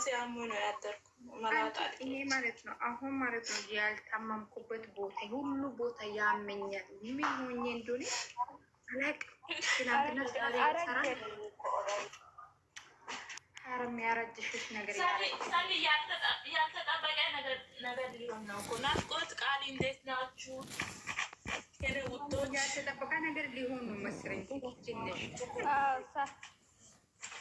ራሴ አሞ ነው ያደርኩ ይሄ ማለት ነው። አሁን ማለት ነው ያልታመምኩበት ቦታ ሁሉ ቦታ ያመኛል። ምን ሆኜ እንደሆነ አላቅም። ትናንትና ዛሬ ነገር ያልተጠበቀ ነገር ሊሆን ነው እኮ ናፍቆት ቃል እንዴት ናችሁ? ያልተጠበቀ ነገር ሊሆን ነው መስለኝ ትንሽ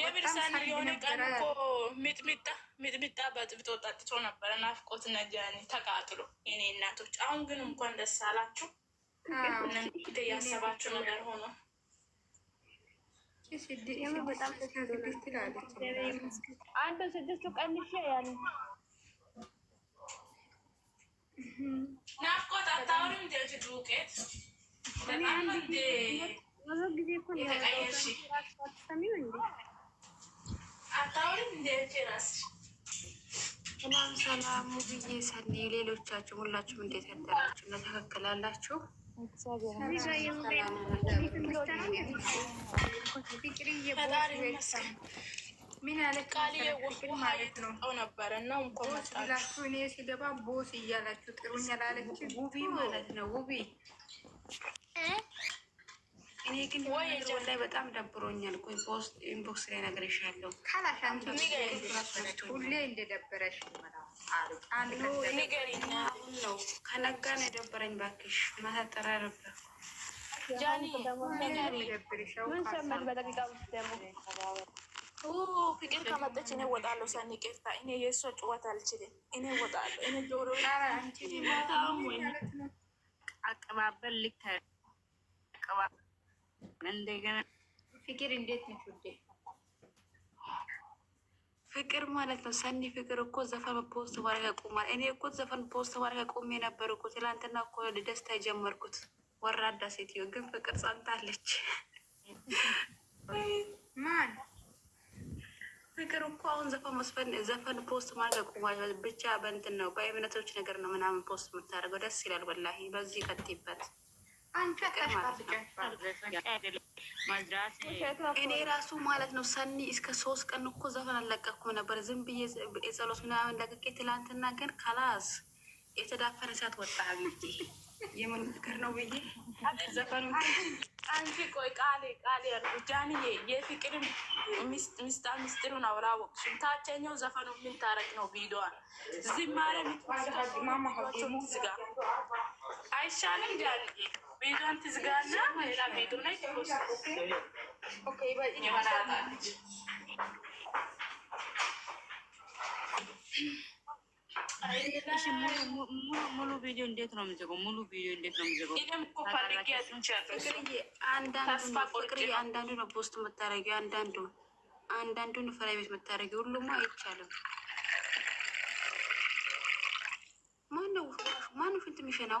የብርሳን የሆነ ቀን እኮ ሚጥሚጣ ሚጥሚጣ በጥብጦ ጠጥቶ ነበረ። ናፍቆት ነጃኒ ተቃጥሎ የኔ እናቶች። አሁን ግን እንኳን ደስ አላችሁ። እናንተ ያሰባችሁ ነገር ሆኖ አንዱ ስድስቱ ቀንሽ ያለ ናፍቆት አታወሪም ደጅ ዱቄት በጣም ጊዜ እኮ ሰላም ሰላም ውብዬ ሰኔ፣ ሌሎቻችሁ ሁላችሁም እንዴት ያደራችሁ? መተካከል አላችሁ? ምን ያለ ማለት ነው ነበረ እና እንኮላችሁ እኔ ሲገባ ቦስ እያላችሁ ጥሩኝ አላለችም ውቢ ማለት ነው ውቢ እኔ ግን ላይ በጣም ደብሮኛል። ኮይ ፖስት ኢንቦክስ ላይ ነገር ሁሌ እንደደበረሽ አሁን ነው ከነጋ ነው የደበረኝ። ባክሽ ማሳጠራ ነበር ፍቅር ከመጠች እኔ ወጣለሁ። ሳኒ ቅርታ፣ እኔ የእሷ ጭዋት አልችልም። እኔ ወጣለሁ። እኔ ጆሮ አቀባበል ልክ እንደገና ፍቅር እንዴት ነሽ ውዴ? ፍቅር ማለት ነው ሰኒ ፍቅር እኮ ዘፈን ፖስት ማድረግ ቆማል። እኔ እኮ ዘፈን ፖስት ማድረግ ቆሜ ነበር እኮ ትላንትና እኮ ደስታ የጀመርኩት። ወራዳ ሴትዮ ግን ፍቅር ጸንታለች። ማን ፍቅር እኮ አሁን ዘፈን መስፈን ዘፈን ፖስት ማድረግ ቆማል። ብቻ በእንትን ነው በእምነቶች ነገር ነው ምናምን ፖስት የምታደርገው ደስ ይላል። ወላሂ በዚህ ቀጥይበት። እኔ ራሱ ማለት ነው ሰኒ እስከ ሶስት ቀን እኮ ዘፈን አልለቀኩም ነበር፣ ዝም ብዬ ጸሎት ምናምን ለቅቄ። ትላንትና ግን ከላስ የተዳፈነ ሰዓት ወጣ ብዬ የምን ምክር ነው ብዬ ዘፈኑ አንቺ ቆይ ቃሌ ቃሌ ያርጉ ጃንዬ የፍቅርን ምስጣ ምስጢሩን አወራወቅሽም። ታቸኛው ዘፈኑ ምን ታረቅ ነው ቪዲዮዋን ዝማሬ ምትመስላችሁ ጋር አይሻልም? ዳል ቤቷን ትዝጋና ሌላ ቤቱ ላይ ሆናለች። ሙሉ ቪዲዮ እንዴት ነው የምንዘጋው? ሙሉ ቪዲዮ እንዴት ነው የምንዘጋው? አንዳንዱ ነው ፖስት የምታደርጊው፣ አንዳንዱ አንዳንዱን ፍራይ ቤት የምታደርጊው። ሁሉም አይቻልም። ማነው ማነው ሽንት የሚሸናው?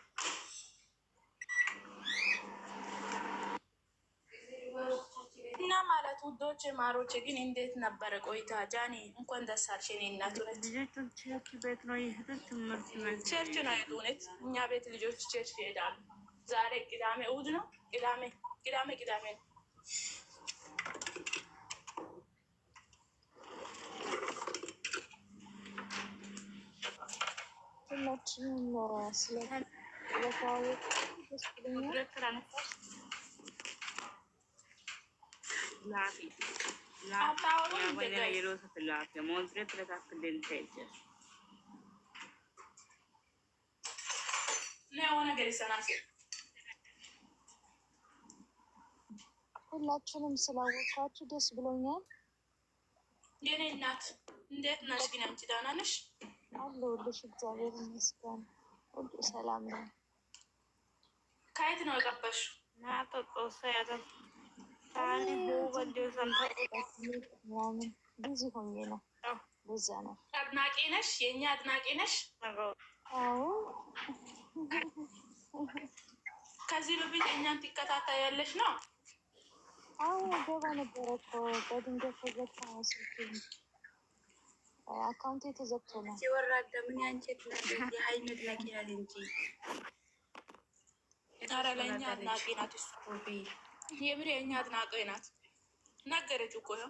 ማለት ውዶች ማሮች ግን እንዴት ነበረ ቆይታ? ጃኒ እንኳን ደስ አልሽ። እኔ ቸርች ነው የሄዱት፣ እኛ ቤት ልጆች ቸርች ይሄዳሉ። ዛሬ ቅዳሜ እሑድ ነው። ቅዳሜ ቅዳሜ ቅዳሜ ነው። ሁላችንም ስለ ሁለት ላፊ የሮሰት ላፊ ሞንትሬ ትረካክልን ተይጀር ሁላችንም ስላወቃችሁ ደስ ብሎኛል። የኔ እናት እንዴት ነሽ? ግን አንቺ ደህና ነሽ? አለሁልሽ። እግዚአብሔር ይመስገን ሁሉ ሰላም ነው። ከየት ነው የጠበሽው? ናቶ ጦሳ ያዘ ብዙ ሆኜ ነው። በዛ ነው አድናቂ ነሽ፣ የእኛ አድናቂ ነሽ። ከዚህ በፊት እኛን ትከታተያለሽ ነው? አዎ ገባ ነበረ እኮ በድንገት ነው ስልኬን አካውንቴ ተዘግቶ ነው ሲወራደ ምን ያንቺት የሀይል አድናቂ ናት እንጂ ታዲያ አድናቂ ናት የምሬ እኛ አድናቂ ናት ነገረች እኮ ነው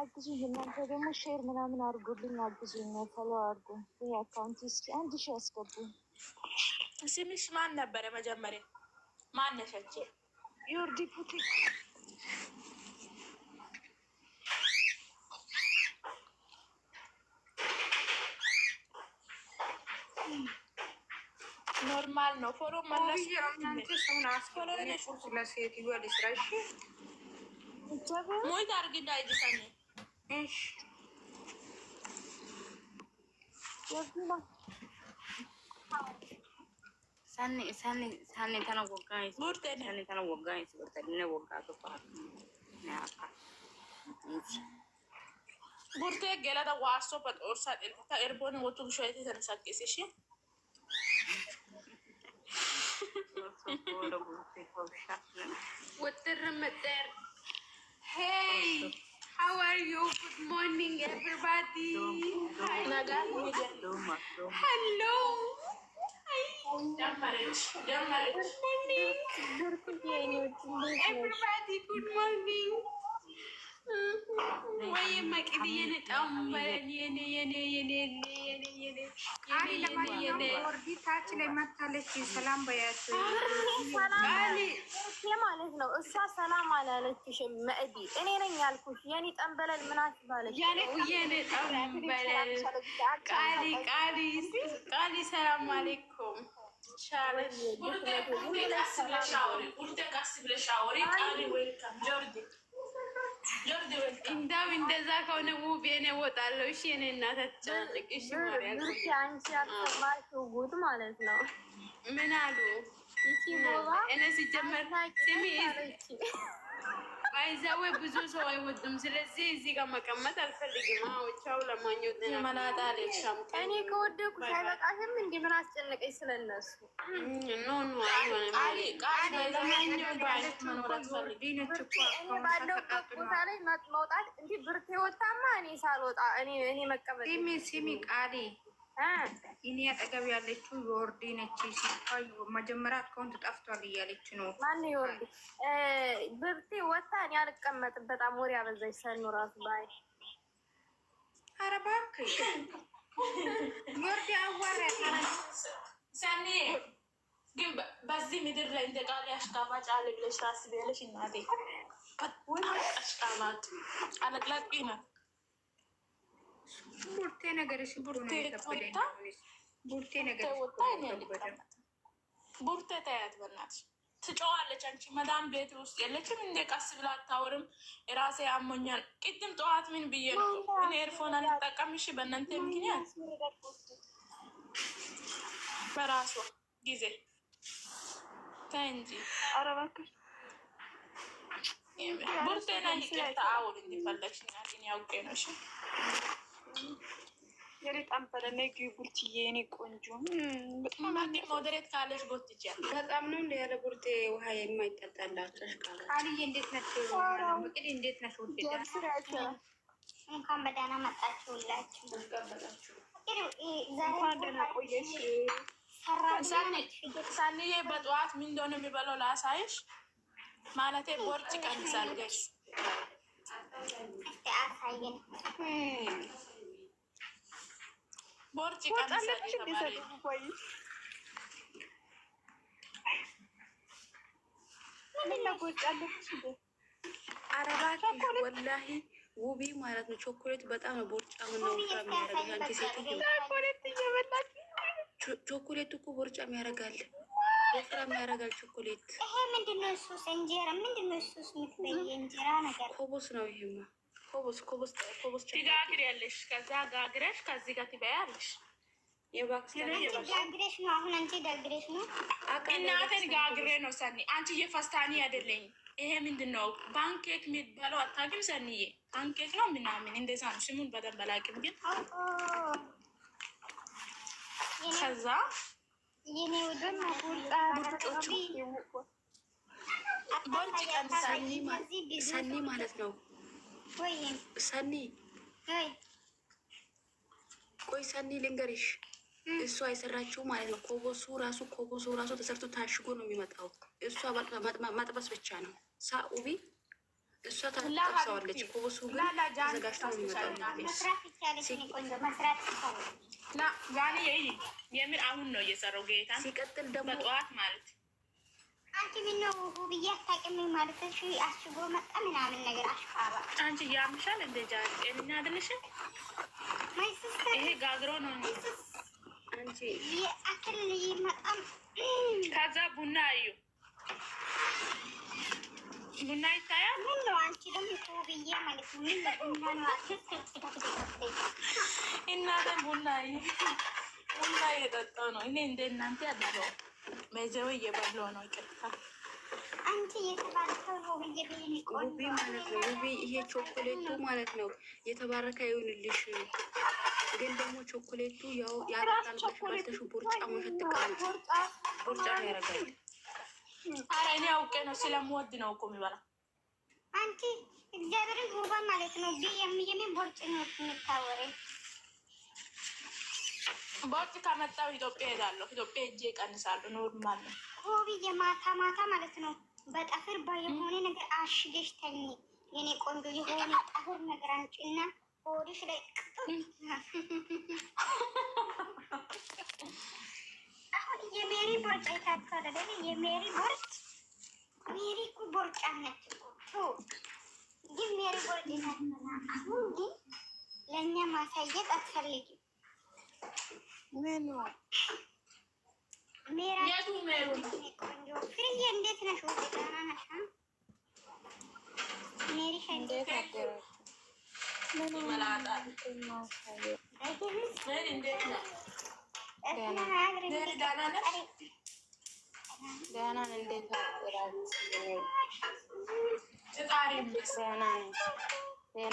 አግዙኝ እናንተ ደግሞ ሼር ምናምን አድርጉልኝ፣ አግዙኝ፣ ፈሎ አድርጉ። ይህ አካውንት እስኪ አንድ ሺ ያስገቡ? ስምሽ ማን ነበረ መጀመሪያ? ማነሸች ዩር ዲፑቲ ኖርማል ነው። ፎሎ ቡርቴ ገለተ ዋርሶ በጦርሳ ጠልታ ኤርቦን ወቱ ሾይቴ ተንሳቄስ እሺ With the Ramadan. Hey, how are you? Good morning, everybody. Hi, Naga. Hello. Hi. Good morning. Everybody, good morning. ወይም መቅድዬ ነጣው ወርዲ ታች ላይ መታለች። ሰላም በያት ማለት ነው። እሷ ሰላም አላለችሽም። መእዲ እኔ ነኝ ያልኩሽ የኔ ጠንበለል ምናት ባለች ሰላም አሌይኩም ሻለሽ እንዳው እንደዛ ከሆነ ውብ የኔ እወጣለሁ። እሺ የኔ እናት አትጨናነቂ። እሺ ጉድ ማለት ነው። ምን አሉ? እኔ ሲጀመር ስሚ አይዛዌ ብዙ ሰው አይወድም። ስለዚህ እዚህ ጋር መቀመጥ አልፈልግም። አዎቻው ለማኘው መላጣ ልሻም እኔ ከወደኩ አይበቃሽም። እንዲ ምን አስጨነቀኝ ስለነሱ ባለሁበት ቦታ ላይ መውጣት እንዲ ብርቴ ወታማ እኔ ሳልወጣ እኔ መቀመጥ ሲሚ ቃሌ እኔ አጠገብ ያለችው የወርዴ ነች። ሲታይ መጀመሪያ አካውንት ጠፍቷል እያለች ነው። ማን የወርዴ ብርቴ ወታ እኔ አልቀመጥም። በጣም ወሬ አበዛች። ሰኑ ራሱ ባይ ኧረ እባክሽ የወርዴ አዋራ ሰኔ ግን በዚህ ምድር ላይ እንደ ቃል አሽቃባጭ አለ ብለሽ ታስቢያለሽ? እናቴ አሽቃባጭ አለቅላቂ ነው ቡርቴ ነገር ቡርቴ ወጣ ቡርቴ ነገር ወጣ ቡርቴ ተያት በእናትሽ ትጨዋለች። አንቺ መዳም ቤት ውስጥ የለችም እንደ ቀስ ብላ አታወርም። ራሴ አሞኛል። ቅድም ጠዋት ምን ብዬ ነው እኔ ኤርፎን አልጠቀም እሺ፣ በእናንተ ምክንያት በራሱ ጊዜ ተይ እንጂ ኧረ እባክሽ ቡርቴና ይቅርታ አውል እንዲፈለግሽኛል ያውቄ ነው እሺ የሬጣም በለነ ቡርትዬ የኔ ቆንጆ በጣም ካለሽ ቦትቼ በጣም ነው እንደ ያለ ቡርቴ ውሃ የማይጠጣላቸው በጠዋት ምን እንደሆነ የሚበላው ላሳይሽ። ማለቴ ቦርጭ ቀንሳለች። ቦርጭ ቀንሳለች። ወላሂ ውቢ ማለት ነው። ቾኮሌት በጣም ነው ቦርጫም ነው የሚያደርጋል። ቾኮሌት እኮ ቦርጫም ያደርጋል፣ ወፍራም ያደርጋል። ቾኮሌት ይሄ ምንድን ነው? እሱስ እንጀራ ምንድን ነው? እሱስ የምትበይ እንጀራ ነገር ኮቦስ ነው ይሄማ ኮቦስ ኮቦስ ኮቦስ ትጋግሪያለሽ። ከዛ ጋግረሽ ከዚህ ጋር ትበያለሽ። ጋግረሽ ነው አሁን አንቺ ጋግረሽ ነው። ጋግሬ ነው ሰኒ። አንቺ የፈስታኒ አይደለኝ። ይሄ ምንድን ነው? ባንኬክ የሚባለው አታውቂም ሰኒዬ? ባንኬክ ነው ምናምን እንደዛ ነው። ስሙን በደንብ አላውቅም ግን ከዛ ቦርጭ ቀን ሰኒ ማለት ነው ሰኒ ቆይ ሰኒ ልንገርሽ፣ እሷ የሰራችው ማለት ነው። ኮቦሱ ራሱ ኮቦሱ ራሱ ተሰርቶ ታሽጎ ነው የሚመጣው። እሷ ማጥበስ ብቻ ነው ሳኡቢ እሷ ታጠብሰዋለች። ኮቦሱ ግን ተዘጋጅቶ ነው የሚመጣው። የምር አሁን ነው እየሰራው ጌታ። ሲቀጥል ደግሞ ጠዋት ማለት አንቺ ምን ነው ብዬ አታውቂም ማለት እሺ፣ አሽጎ መጣ ምናምን ነገር አሽፋባ አንቺ ያምሻል እንደ ጃጅ እና አይደለሽ ይሄ ጋግሮ ነው እንጂ አንቺ አክል ይመጣም። ከዛ ቡና እዩ ቡና ይታያል። ምን ነው አንቺ ደግሞ ብዬ ማለት ምን ቡና ነው እናንተ ቡና ቡና እየጠጣሁ ነው እኔ እንደ እናንተ ያደረው መጀወ እየበላሁ ነው። ይቅርታ አንቺ እየተባረከው ነው ብዬ ውቤ ማለት ነው። ውቤ ይሄ ቾኮሌቱ ማለት ነው የተባረከ ይሁንልሽ። ግን ደግሞ ቾኮሌቱ ያው ባልተሹ ቦርጫ መሸት ቃሉ ቦርጫ ነው ያረጋል። አረ እኔ አውቄ ነው ስለምወድ ነው እኮ የሚበላ አንቺ እግዚአብሔርን ጉባ ማለት ነው። ቢ የሚየሜ ቦርጭ ነው የምታወሬ ቦርጭ ከመጣው ኢትዮጵያ ሄዳለሁ። ኢትዮጵያ እጄ ይቀንሳሉ። ኖርማል ነው። ኮብዬ ማታ ማታ ማለት ነው በጠፍር የሆነ ነገር አሽገሽ ተኝ የኔ ቆንጆ፣ የሆነ ጠፍር ነገር አንጭና ሆድሽ ላይ አሁን የሜሪ ቦርጫ ቦርጭ ለ የሜሪ ቦርጭ ሜሪ እኮ ቦርጫ አነች ግን ሜሪ ቦርጭ ይታቸዋል። አሁን ግን ለእኛ ማሳየት አትፈልጊም ምኑ ቆንጆ ፍርዬ፣ እንዴት ነሽ?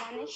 ደህና ነሽ?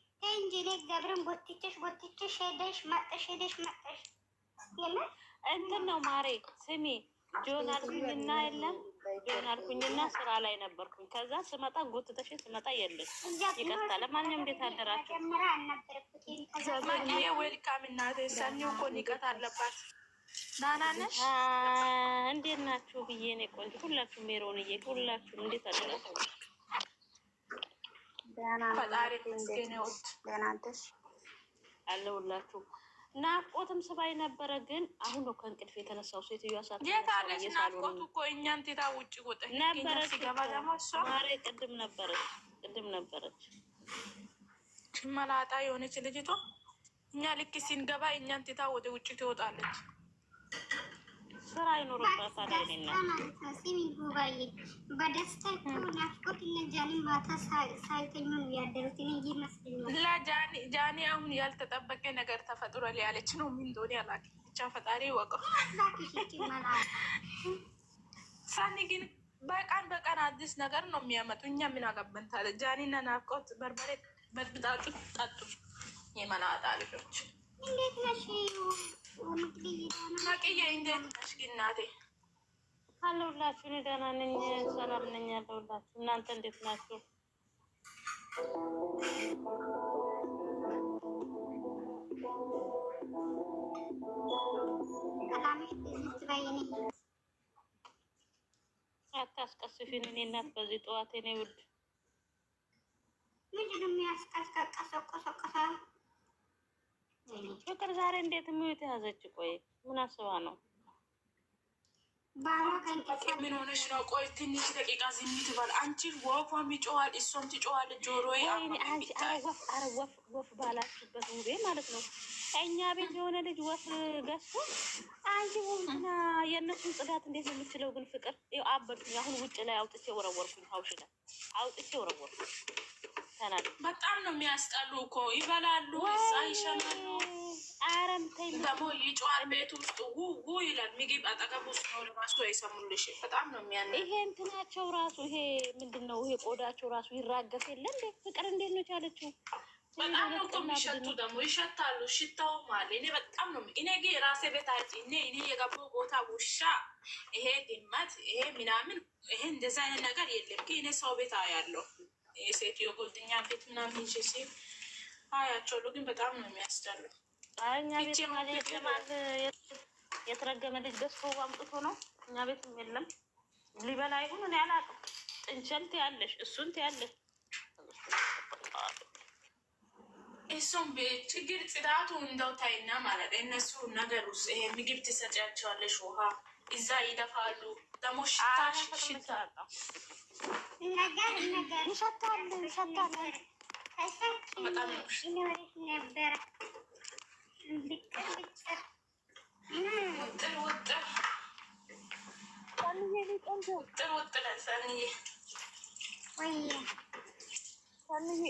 እንጂ እኔ እግዚአብሔርን ጎትቼሽ ጎትቼሽ ሄደሽ መጠሽ ሄደሽ መጠሽ እንትን ነው ማሬ ስሜ ጆን አልኩኝና የለም ጆን አልኩኝና ስራ ላይ ነበርኩኝ። ከዛ ስመጣ ጎትተሽ ስመጣ የለሽ። ይቀጥታ ለማንኛውም እንዴት አደራችሁ? ማንዬ ዌልካም እናቴ። ሰኒ እኮ ንቀት አለባት። ደህና ነሽ? እንዴት ናችሁ ብዬ ነው ቆንጆ። ሜሮን ሜሮንዬ፣ ሁላችሁም እንዴት አደራችሁ? ፈጣሪ ይመስገን። አለሁላችሁ። ናፍቆትም ስባይ ነበረ፣ ግን አሁን ነው ከእንቅልፍ የተነሳው። ሴትዮ ሳት የታለች ናፍቆቱ? እኮ እኛን ቴታ ውጭ ወጠ ነበረች። ማሬ ቅድም ነበረች፣ ቅድም ነበረች። መላጣ የሆነች ልጅቷ እኛ ልክ ሲንገባ እኛን ቴታ ወደ ውጭ ትወጣለች። ስራ ይኖርባታል። ጃኒ አሁን ያልተጠበቀ ነገር ተፈጥሯል ያለች ነው። ምን እንደሆነ አላውቅም፣ ብቻ ፈጣሪ ወቀው። ሳኒ ግን በቀን በቀን አዲስ ነገር ነው የሚያመጡ። እኛ ምን አገባን ጃኒና ናፍቆት በርበሬ በጥብጣችሁ ጠጡ። የመላጣ ልጆች እንዴት ነሽ? አለሁላችሁ። እኔ ደህና ነኝ፣ ሰላም ነኝ። አለሁላችሁ። እናንተ እንዴት ናችሁ? አታስቀስፊን። እኔ እናት በዚህ ጠዋት ኔ ውድ ምንድን ነው የሚያስቀስቀሰው? ፍቅር ዛሬ እንዴት ነው የተያዘች? ቆይ ምን አስባ ነው? ምን ሆነሽ ነው? ቆይ ትንሽ ደቂቃ ዝም አንቺ ወፏም እሷም ጆሮ ወፍ ባላችሁበት ውቤ ማለት ነው። እኛ ቤት የሆነ ልጅ ወፍ ገዝቶ አንቺ ወፍና የእነሱን ጽዳት እንዴት ነው የምችለው? ግን ፍቅር አሁን ውጭ ላይ አውጥቼ ወረወርኩኝ። ሀውሽ ላይ አውጥቼ ወረወርኩኝ። በጣም ነው የሚያስጠሉ እኮ ይበላሉ፣ ይሸማሉ፣ ደግሞ ይጮሃል። ቤት ውስጥ ው ይላል። ምግብ አጠገብ ውስጥ ነው አይሰሙልሽ። በጣም ነው የሚያ ይሄ እንትናቸው ራሱ ይሄ ምንድን ነው? ይሄ ቆዳቸው ራሱ ይራገፍ የለ እንዴ! ፍቅር እንዴት ነው ቻለችው? በጣም ነው የሚሸቱ ደግሞ ይሸታሉ። ሽታውም አለ። እኔ በጣም ነው እኔ ጌ ራሴ ቤት አጭ እኔ እኔ የገባው ቦታ ውሻ፣ ይሄ ድመት፣ ይሄ ምናምን፣ ይሄ እንደዚ አይነት ነገር የለም። ግን እኔ ሰው ቤት ያለው የሴትዮ ጎልድኛ ቤት ምናምን ይዤ ሴ አያቸዋሉ። ግን በጣም ነው የሚያስጠሉ። እኛ ቤት የተረገመ ልጅ ገዝፎ አምጥቶ ነው። እኛ ቤትም የለም ሊበላ ይሁን እኔ አላውቅም። ጥንቸል ትያለሽ፣ እሱን ትያለሽ። እሱም ችግር ጽዳቱ እንደው ታይና ማለት እነሱ ነገር ውስጥ ይሄ ምግብ ትሰጫቸዋለሽ፣ ውሃ እዛ ይደፋሉ። ደግሞ ሽታ ሽታ ይሸታል ይሸታል።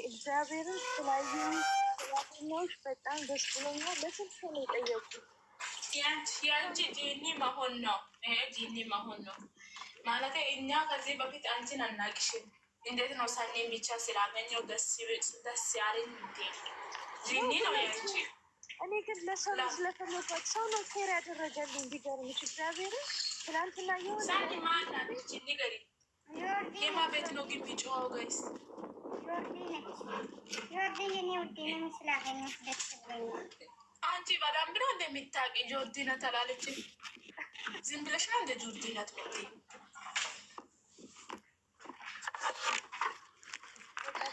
እግዚአብሔርን ስላዩ በጣም ደስ ብሎኛል። ለስልሽ ነው የጠየቁት። ያንቺ ጂኒ መሆን ነው ይሄ ጂኒ መሆን ነው ማለት እኛ ከዚህ በፊት አንቺን አናቅሽም። እንዴት ነው ሳኔ የሚቻ ስላገኘው ደስ ያለኝ እንዴ ሊኒ ነው ያንቺ። እኔ ግን ለሰው ስለተመቷት ሰው ነው ፌር ያደረገልኝ። ቢገርምሽ እግዚአብሔር ትናንትና የሆነ ሳኒ ማናለች ንገሪ። የማ ቤት ነው ግቢ ጨዋው ጋይስ ጆርዲን የኔ ውዴ ነው ስላገኘት ደስ ብሎኛል። አንቺ በደንብ ነው እንደሚታቂ ጆርዲነ ተላለች። ዝም ብለሽ ነው እንደ ጆርዲነት ምትይ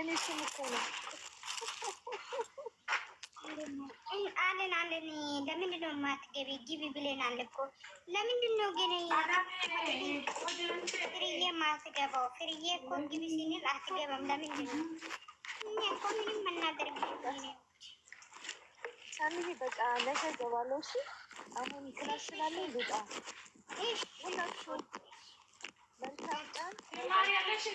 የኔ ስም እኮ ነው። አለን አለን። ለምንድን ነው የማትገቢ? ግቢ ብለናል እኮ። ለምንድን ነው ግን ፍርዬ ማትገባው? ፍርዬ እኮ ግቢ ስንል አትገባም። ለምንድን ነው እኛ እኮ ምንም መናገር ሳሚ በቃ ነገ ገባለሁ። እሺ አሁን ክላስ ስላለኝ ልውጣ። ሰው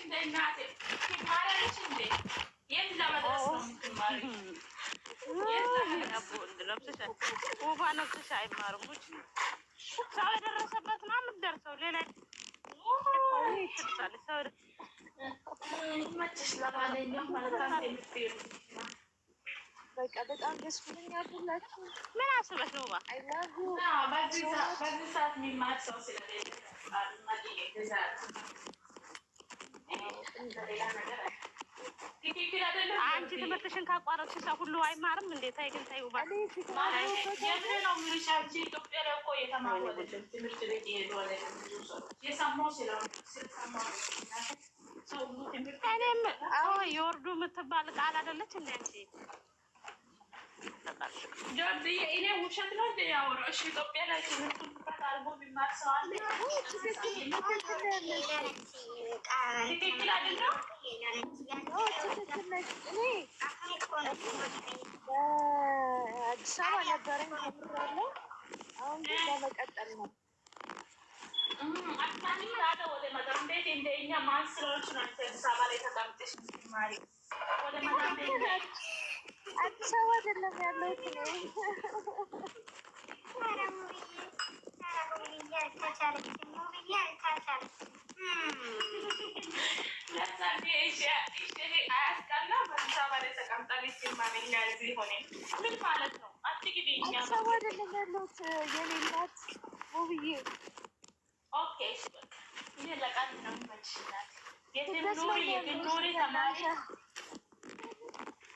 የደረሰበት ነው የምትደርሰው። ሌላ በቃ በጣም ደስ ብሎኛል። ምን አስበት ነው አንቺ ትምህርትሽን ካቋረጥሽ ሰው ሁሉ አይማርም እንዴ? ተይ ግን ተይው እባክህ። ኢትዮጵያ ላይ የወርዱ የምትባል ቃል አይደለች እንደ አንቺ አዲስ አበባ ነበረኝ ተምሬያለሁ። አሁን ግን ለመቀጠል ነው። ወደ አዲስ አበባ አይደለም ያለሁት ነው።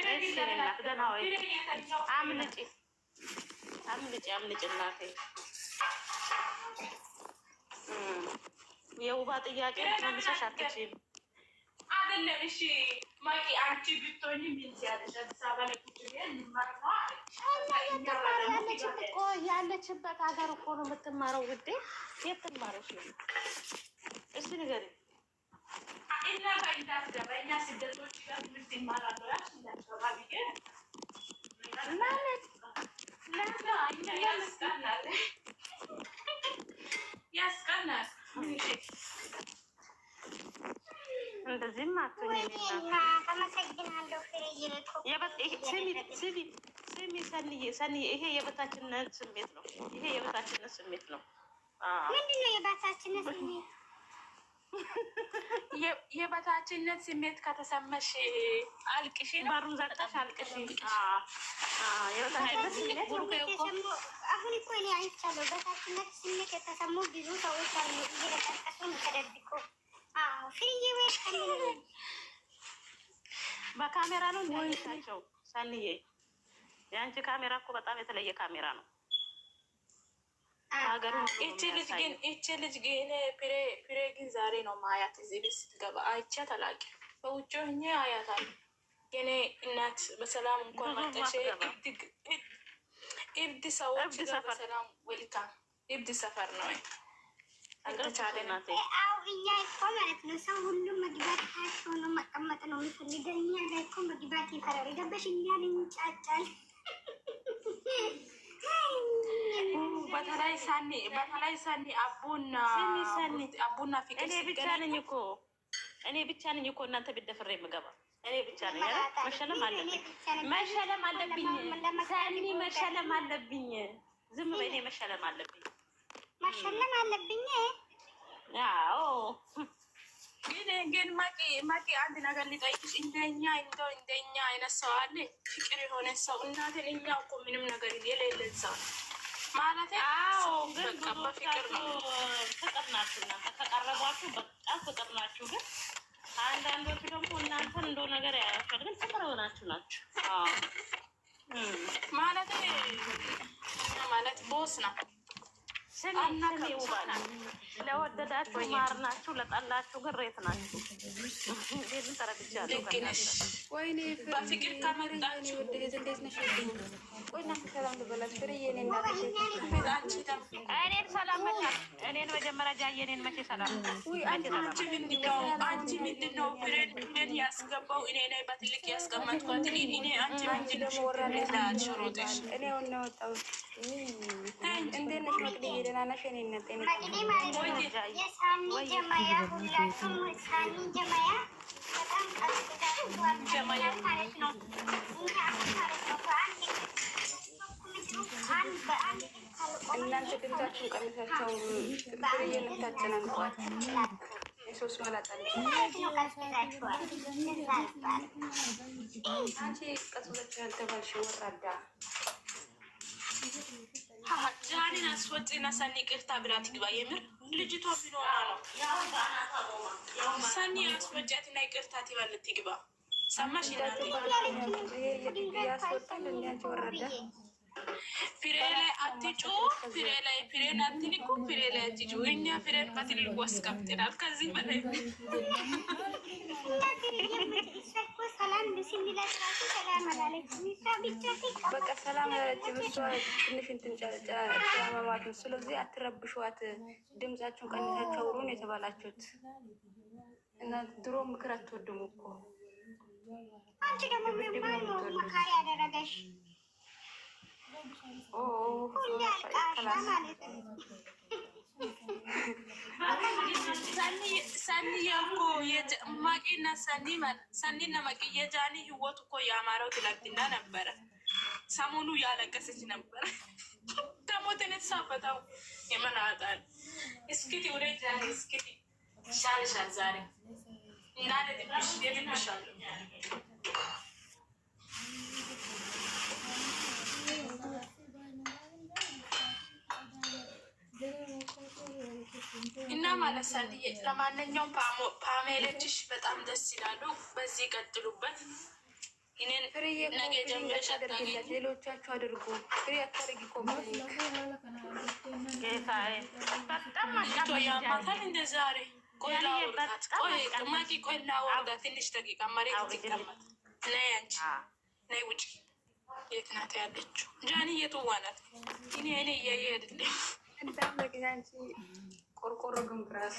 እናት እናቴ የውባ ጥያቄ መልሰሽ አትችይም። አይደለም እሺ፣ ማቂ አንቺ ብትሆኝ ምን አዲስ አበባ ላይ ቁጭ ያለችበት ሀገር እኮ ነው የምትማረው። ውዴ የት ትማረሽ? እስቲ ንገሪኝ እኛ ጋር እንዳትገባ እኛ ስደቶች ጋር ትምህርት ይማራሉ ያስቀናል፣ ያስቀናል። እንደዚህም አመሰግናለሁ። ሰንዬ፣ ሰንዬ ይሄ የበታችነት ስሜት ነው። ይሄ የበታችነት ስሜት ነው። ምንድን ነው የበታችነት ስሜት? የበታችነት ስሜት ከተሰመሽ አልቅሽ፣ በሩን ዘግተሽ አልቅሽ። አሁን እኮ እኔ አይቻለሁ። በታችነት ስሜት የተሰሙ ብዙ ሰዎች አሉ። እየለቀቀሱ ተደብቆ ፍርዬ በካሜራ ነው ሳቸው። ሳንዬ የአንቺ ካሜራ እኮ በጣም የተለየ ካሜራ ነው። ነገሩን ይቺ ልጅ ግን ፕሬ ግን ዛሬ ነው ማያት እዚህ ቤት ስትገባ አይቻ ተላቂ በውጭ ሆኜ አያታል። የኔ እናት በሰላም እንኳን መጠሽ እብድ ሰዎች በሰላም ወልካ እብድ ሰፈር ነው አልተቻለ ማለት ነው ሰው መግባት ነው መቀመጥ ነው መግባት ደበሽ በተለይ ሰኒ በተለይ ሰኒ አቡና አቡና ፍቅር እኔ ብቻ ነኝ እኮ እኔ ብቻ ነኝ እኮ እናንተ ብደፍሬ የምገባ እኔ ብቻ ነኝ። መሸለም አለብኝ መሸለም አለብኝ ሰኒ መሸለም አለብኝ። ዝም በይ እኔ መሸለም አለብኝ መሸለም አለብኝ። አዎ ግን ግን ማቂ ማቂ አንድ ነገር ሊጠይቅሽ፣ እንደኛ እንደው እንደኛ አይነት ሰው አለ ፍቅር የሆነ ሰው እናትን እኛ እኮ ምንም ነገር የሌለን ሰው ማለት አዎ። ግን በፍቅር ፍቅር ናችሁ እናንተ ከቀረባችሁ በጣም ፍቅር ናችሁ። ግን አንዳንዶቹ ደግሞ እናንተን እንደው ነገር ያያቸዋል። ግን ፍቅር የሆናችሁ ናችሁ ማለት ማለት ቦስ ነው ለወደዳችሁ ማር ናችሁ፣ ለጠላችሁ ግን ሬት ናችሁ። እኔን ሰላም መቻ እኔን መጀመሪያ ጃ የኔን መቼ ሰላም አንቺ ምንድን ነው ብሬን ያስገባው እኔ ላይ በትልቅ ያስቀመጥኳት እኔ አንቺ ምንድን ነው እኔ ሆነ ወጣው እንዴ ነሽ መቅደሄደ ደህና ነሽ? እኔ ነጤ እናንተ ድምታችሁን ቀንሳቸው የምታጨናንቋት የሶስት መላጣ ቀስ ብለሽ ያልተባልሽ ወራዳ ዛሬን አስወጪና ሰኒ ቅርታ ብላ ትግባ። የምር ልጅቷ ቢኖራ ነው ሰኒ አስወጪያትና ቅርታ ትበል ትግባ። ሰማሽ? ፍሬ ላይ አትጩ፣ ፍሬ ላይ ፍሬን አትንኩ፣ ፍሬ ላይ አትጩ። እኛ ፍሬን በትልቁ አስቀምጠናል። ከዚህ በላይ በቃ ሰላም አላለችም። እሷ ትንሽ እንትን ነው። ስለዚህ አትረብሿት፣ ድምጻችሁን ቀንሳችሁ አውሩ የተባላችሁት። እና ድሮ ምክር አትወድሙ እኮ አንቺ ደግሞ ምን ነው ያደረገሽ ሰኒዬ እኮ ማቄና ሰኒና ማቄ የጃኒ ህይወት እኮ የአማረው ትላንትና ነበረ። ሰሞኑ ያለቀሰች ነበረ። ደግሞ ተነሳ በጣም የመናጣል እስኪቲ ወደ ጃኒ እስኪቲ ይሻልሻል ዛሬ እናለ ትንሽ የትንሻል እና ማለት ሳንድዬ ለማንኛውም ፓሜለችሽ በጣም ደስ ይላሉ። በዚህ ቀጥሉበት። ይህንን ነገ ጀምረሽ ሌሎቻችሁ አድርጉ። ፍሬ አታርጊ እኮ ያማታል እንደ ዛሬ ቆላ ቆይ ቆላ ወርዳ ትንሽ ደቂቃ መሬት ትቀመጥ። ነይ አንቺ ውጭ። የት ናት ያለችው? ጃኒ የትዋ ናት? እኔ እያየ አይደለም ቆርቆሮ ግን ግራስ